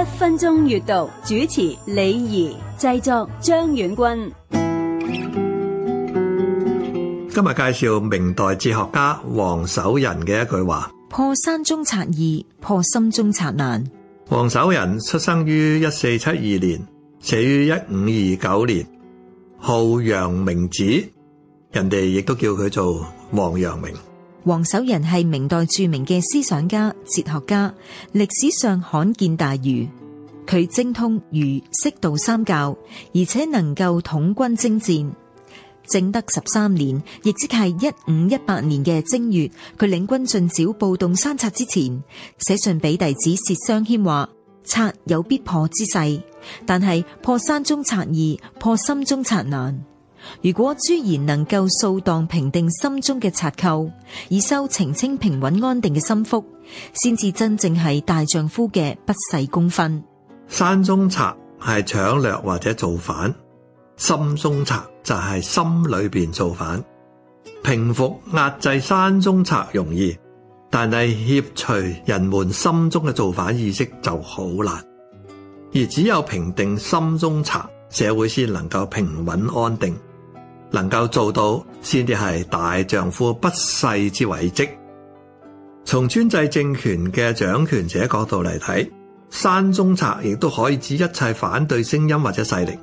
一分鐘閱讀，主持李怡，製作張遠君。今日介紹明代哲學家王守仁嘅一句話：破山中賊易，破心中賊難。王守仁出生於一四七二年，死於一五二九年，號陽明子，人哋亦都叫佢做王陽明。王守仁係明代著名嘅思想家、哲學家，歷史上罕見大儒。佢精通儒釋道三教，而且能夠統軍征戰。正德十三年，亦即係一五一八年嘅正月，佢領軍進剿暴動山賊之前，寫信俾弟子薛尚謙話：賊有必破之勢，但係破山中賊易，破心中賊難。如果諸賢能夠掃蕩平定心中嘅賊寇，以收澄清平穩安定嘅心腹，先至真正係大丈夫嘅不世功勳。山中賊係搶掠或者造反，心中賊就係心裏邊造反。平復壓制山中賊容易，但係消除人們心中嘅造反意識就好難。而只有平定心中賊，社會先能夠平穩安定。能夠做到先至係大丈夫不世之偉績。從專制政權嘅掌權者角度嚟睇，山中賊亦都可以指一切反對聲音或者勢力。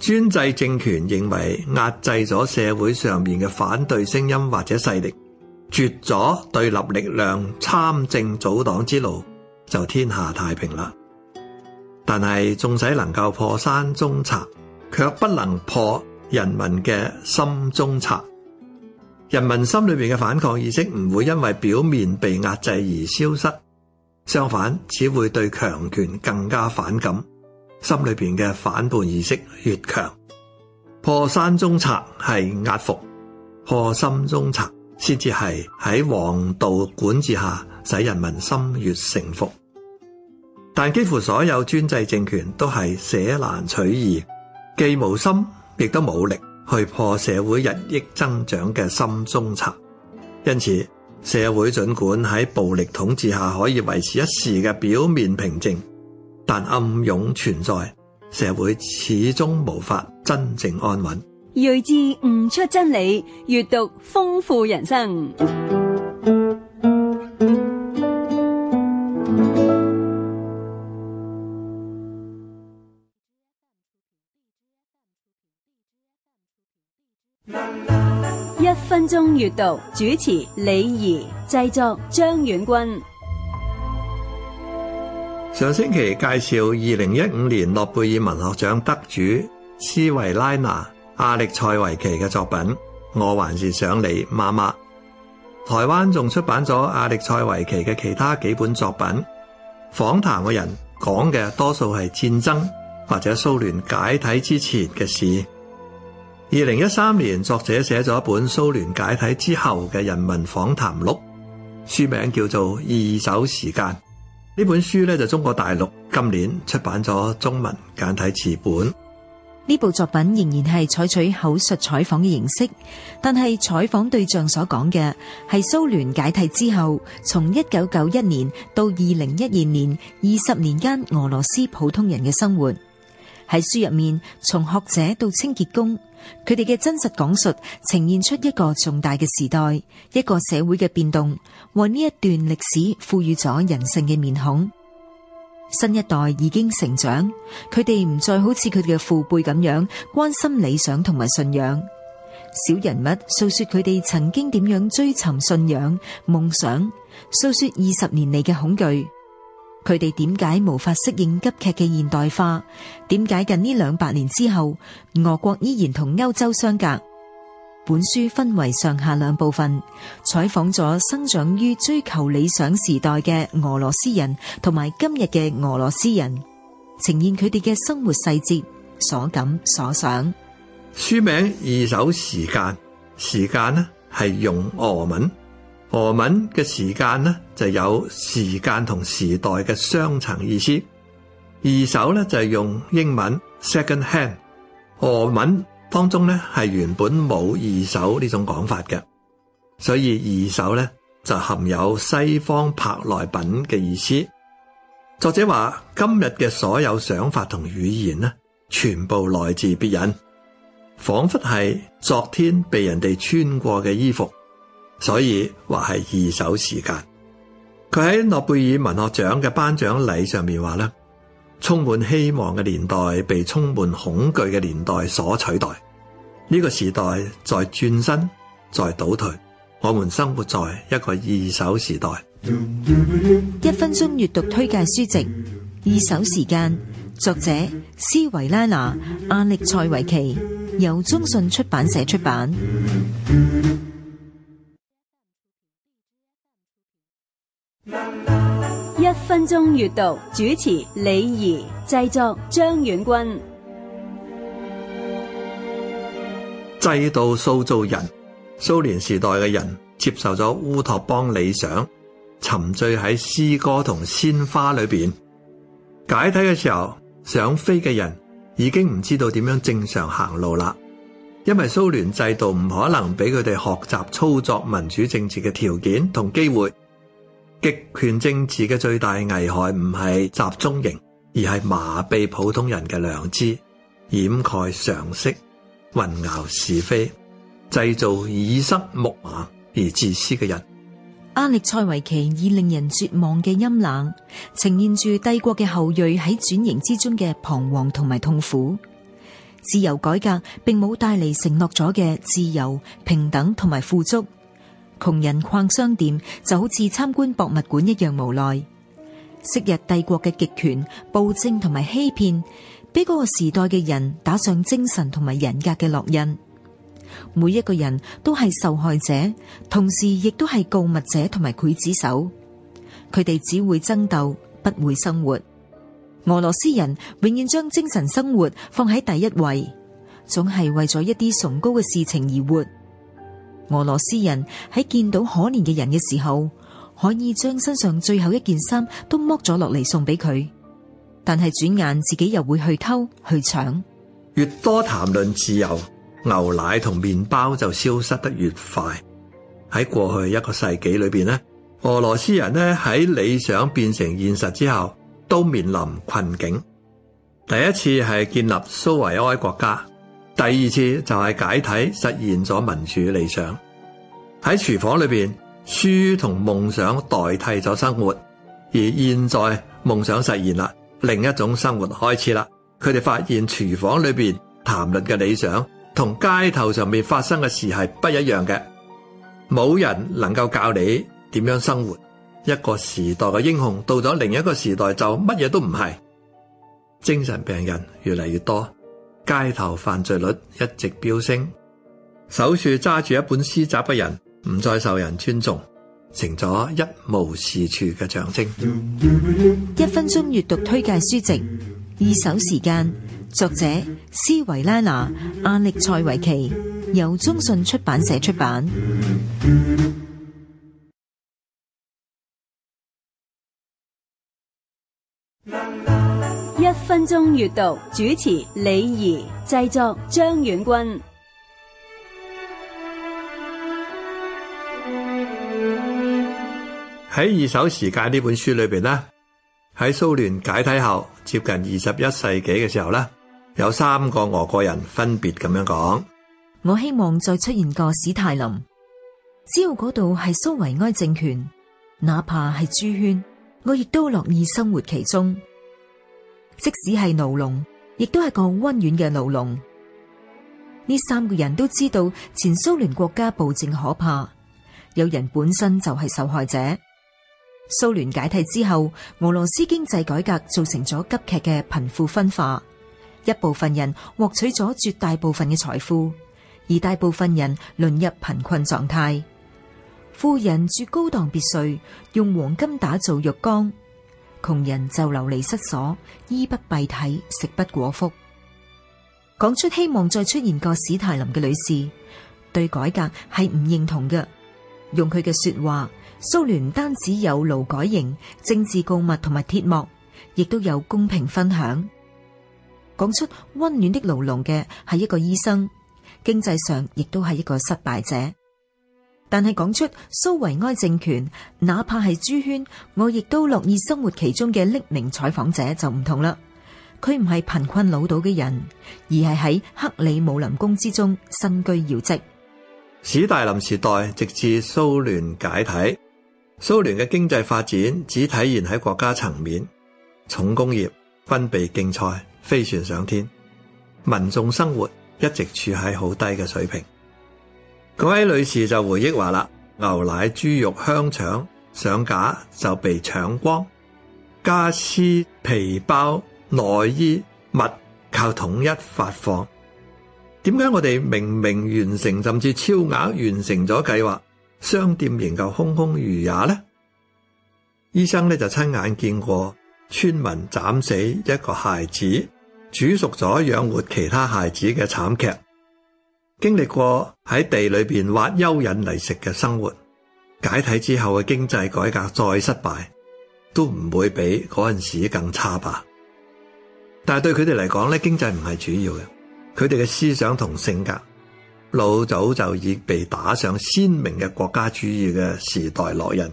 專制政權認為壓制咗社會上面嘅反對聲音或者勢力，絕咗對立力量參政組黨之路，就天下太平啦。但係縱使能夠破山中賊，卻不能破。人民嘅心中賊，人民心裏邊嘅反抗意識唔會因為表面被壓制而消失，相反只會對強權更加反感，心裏邊嘅反叛意識越強。破山中賊係壓服，破心中賊先至係喺王道管治下使人民心悅誠服。但幾乎所有專制政權都係捨難取易，既無心，亦都冇力去破社會日益增長嘅心中賊，因此社會儘管喺暴力統治下可以維持一時嘅表面平靜，但暗湧存在，社會始終無法真正安穩。睿智悟出真理，閱讀豐富人生。中閱讀主持李儀製作張遠軍，上星期介紹二零一五年諾貝爾文學獎得主斯維拉娜阿力塞維奇嘅作品《我還是想你，媽媽》。台灣仲出版咗阿力塞維奇嘅其他幾本作品。訪談嘅人講嘅多數係戰爭或者蘇聯解體之前嘅事。二零一三年，作者寫咗一本蘇聯解體之後嘅人民訪談錄，書名叫做《二手時間》。呢本書咧就中國大陸今年出版咗中文簡體字本。呢部作品仍然係採取口述採訪嘅形式，但係採訪對象所講嘅係蘇聯解體之後，從一九九一年到二零一二年二十年間俄羅斯普通人嘅生活。喺書入面，從學者到清潔工，佢哋嘅真實講述，呈現出一個重大嘅時代，一個社會嘅變動，為呢一段歷史賦予咗人性嘅面孔。新一代已經成長，佢哋唔再好似佢哋嘅父輩咁樣關心理想同埋信仰。小人物訴說佢哋曾經點樣追尋信仰、夢想，訴說二十年嚟嘅恐懼。佢哋點解無法適應急劇嘅現代化？點解近呢兩百年之後，俄國依然同歐洲相隔？本書分為上下兩部分，採訪咗生長於追求理想時代嘅俄羅斯人，同埋今日嘅俄羅斯人，呈現佢哋嘅生活細節、所感所想。書名二手時間，時間呢係用俄文。俄文嘅時間呢，就有時間同時代嘅雙層意思。二手呢就係用英文 second hand，俄文當中呢係原本冇二手呢種講法嘅，所以二手呢就含有西方舶來品嘅意思。作者話：今日嘅所有想法同語言呢，全部來自別人，仿佛係昨天被人哋穿過嘅衣服。所以話係二手時間，佢喺諾貝爾文學獎嘅頒獎禮上面話呢，充滿希望嘅年代被充滿恐懼嘅年代所取代。呢個時代在轉身，在倒退。我們生活在一個二手時代。一分鐘閱讀推介書籍《二手時間》，作者斯維拉娜·阿歷塞維奇，由中信出版社出版。中閱讀主持李儀，製作張遠君。制度塑造人，蘇聯時代嘅人接受咗烏托邦理想，沉醉喺詩歌同鮮花裏邊。解體嘅時候，想飛嘅人已經唔知道點樣正常行路啦，因為蘇聯制度唔可能俾佢哋學習操作民主政治嘅條件同機會。極權政治嘅最大危害唔係集中營，而係麻痹普通人嘅良知，掩蓋常識，混淆是非，製造以塞木馬而自私嘅人。阿力塞維奇以令人絕望嘅陰冷，呈現住帝國嘅後裔喺轉型之中嘅彷徨同埋痛苦。自由改革並冇帶嚟承諾咗嘅自由、平等同埋富足。窮人逛商店就好似參觀博物館一樣無奈，昔日帝國嘅極權暴政同埋欺騙，俾嗰個時代嘅人打上精神同埋人格嘅烙印。每一個人都係受害者，同時亦都係告密者同埋劊子手。佢哋只會爭鬥，不會生活。俄羅斯人永遠將精神生活放喺第一位，總係為咗一啲崇高嘅事情而活。俄羅斯人喺見到可憐嘅人嘅時候，可以將身上最後一件衫都剝咗落嚟送俾佢，但係轉眼自己又會去偷去搶。越多談論自由，牛奶同麵包就消失得越快。喺過去一個世紀裏邊呢，俄羅斯人呢喺理想變成現實之後，都面臨困境。第一次係建立蘇維埃國家。第二次就係解體，實現咗民主理想。喺廚房裏邊，書同夢想代替咗生活。而現在夢想實現啦，另一種生活開始啦。佢哋發現廚房裏邊談論嘅理想，同街頭上面發生嘅事係不一樣嘅。冇人能夠教你點樣生活。一個時代嘅英雄，到咗另一個時代就乜嘢都唔係。精神病人越嚟越多。街頭犯罪率一直飆升，手處揸住一本詩集嘅人，唔再受人尊重，成咗一無是處嘅象徵。一分鐘閱讀推介書籍，二手時間，作者斯維拉娜阿力塞維奇，由中信出版社出版。分鐘閱讀主持李怡，製作張遠軍。喺二手時間呢本書裏邊咧，喺蘇聯解體後接近二十一世紀嘅時候咧，有三個俄國人分別咁樣講：我希望再出現個史泰林，只要嗰度係蘇維埃政權，哪怕係豬圈，我亦都樂意生活其中。即使係牢籠，亦都係個温暖嘅牢籠。呢三個人都知道前蘇聯國家暴政可怕，有人本身就係受害者。蘇聯解體之後，俄羅斯經濟改革造成咗急劇嘅貧富分化，一部分人獲取咗絕大部分嘅財富，而大部分人淪入貧困狀態。富人住高檔別墅，用黃金打造浴缸。窮人就流離失所，衣不蔽體，食不果腹。講出希望再出現個史泰林嘅女士，對改革係唔認同嘅。用佢嘅說話，蘇聯唔單止有勞改營、政治告密同埋鐵幕，亦都有公平分享。講出温暖的牢籠嘅係一個醫生，經濟上亦都係一個失敗者。但係講出蘇維埃政權，哪怕係豬圈，我亦都樂意生活其中嘅匿名採訪者就唔同啦。佢唔係貧困潦倒嘅人，而係喺克里姆林宮之中身居要職。史大林時代直至蘇聯解體，蘇聯嘅經濟發展只體現喺國家層面，重工業、軍備競賽、飛船上天，民眾生活一直處喺好低嘅水平。嗰位女士就回憶話啦：牛奶、豬肉、香腸上架就被搶光，家私、皮包、內衣物靠統一發放。點解我哋明明完成甚至超額完成咗計劃，商店仍舊空空如也呢？醫生咧就親眼見過村民斬死一個孩子，煮熟咗養活其他孩子嘅慘劇。經歷過喺地裏邊挖蚯蚓嚟食嘅生活，解體之後嘅經濟改革再失敗，都唔會比嗰陣時更差吧？但係對佢哋嚟講咧，經濟唔係主要嘅，佢哋嘅思想同性格老早就已被打上鮮明嘅國家主義嘅時代烙印，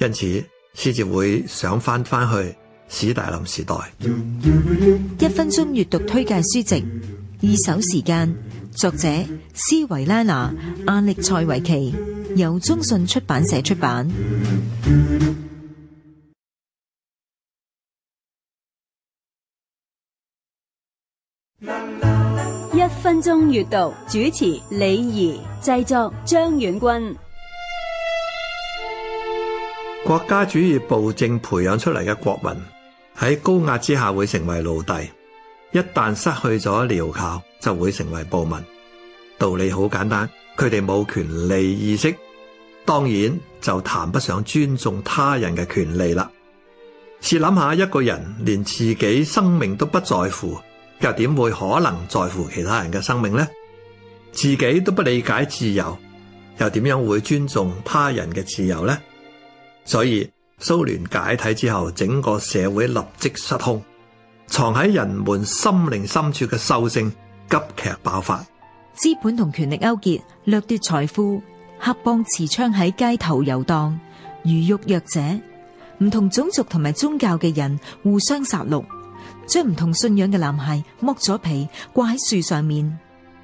因此先至會想翻翻去史大林時代。一分鐘閱讀推介書籍，二手時間。作者斯維拉娜、阿歷塞維奇，由中信出版社出版。一分鐘閱讀主持李怡，製作張遠軍。國家主義暴政培養出嚟嘅國民喺高壓之下會成為奴隸，一旦失去咗鐐銬。就會成為暴民，道理好簡單，佢哋冇權利意識，當然就談不上尊重他人嘅權利啦。試諗下，一個人連自己生命都不在乎，又點會可能在乎其他人嘅生命呢？自己都不理解自由，又點樣會尊重他人嘅自由呢？所以蘇聯解體之後，整個社會立即失控，藏喺人們心靈深處嘅獸性。急劇爆發，資本同權力勾結，掠奪財富，黑幫持槍喺街頭遊蕩，魚肉弱者。唔同種族同埋宗教嘅人互相殺戮，將唔同信仰嘅男孩剝咗皮掛喺樹上面，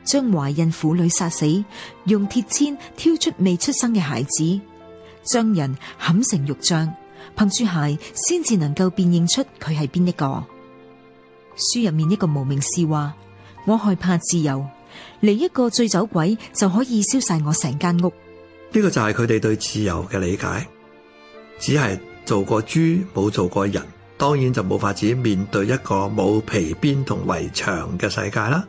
將懷孕婦女殺死，用鐵簽挑出未出生嘅孩子，將人砍成肉醬，憑住鞋先至能夠辨認出佢係邊一個。書入面一個無名氏話。我害怕自由，嚟一個醉酒鬼就可以燒晒我成間屋。呢個就係佢哋對自由嘅理解，只係做過豬，冇做過人，當然就冇法子面對一個冇皮鞭同圍牆嘅世界啦。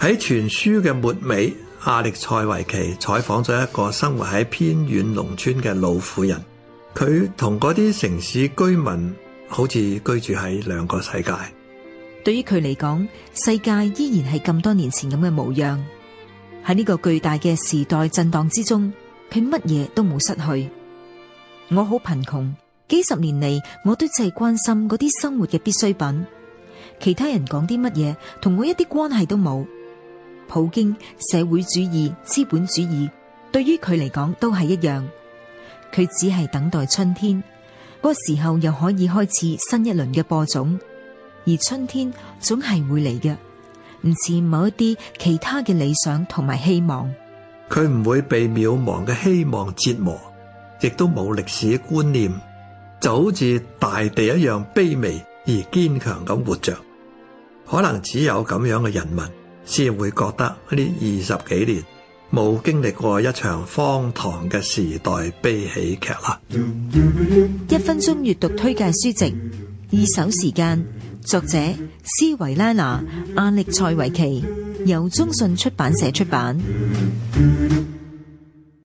喺全書嘅末尾，阿力塞維奇採訪咗一個生活喺偏遠農村嘅老婦人，佢同嗰啲城市居民好似居住喺兩個世界。對於佢嚟講，世界依然係咁多年前咁嘅模樣。喺呢個巨大嘅時代震蕩之中，佢乜嘢都冇失去。我好貧窮，幾十年嚟我都只係關心嗰啲生活嘅必需品。其他人講啲乜嘢，同我一啲關係都冇。普京、社會主義、資本主義，對於佢嚟講都係一樣。佢只係等待春天，嗰個時候又可以開始新一輪嘅播種。而春天總係會嚟嘅，唔似某一啲其他嘅理想同埋希望，佢唔會被渺茫嘅希望折磨，亦都冇歷史觀念，就好似大地一樣卑微而堅強咁活着。可能只有咁樣嘅人民先會覺得呢二十幾年冇經歷過一場荒唐嘅時代悲喜劇啦。一分鐘閱讀推介書籍，二手時間。作者斯維拉娜·阿力塞維奇，由中信出版社出版。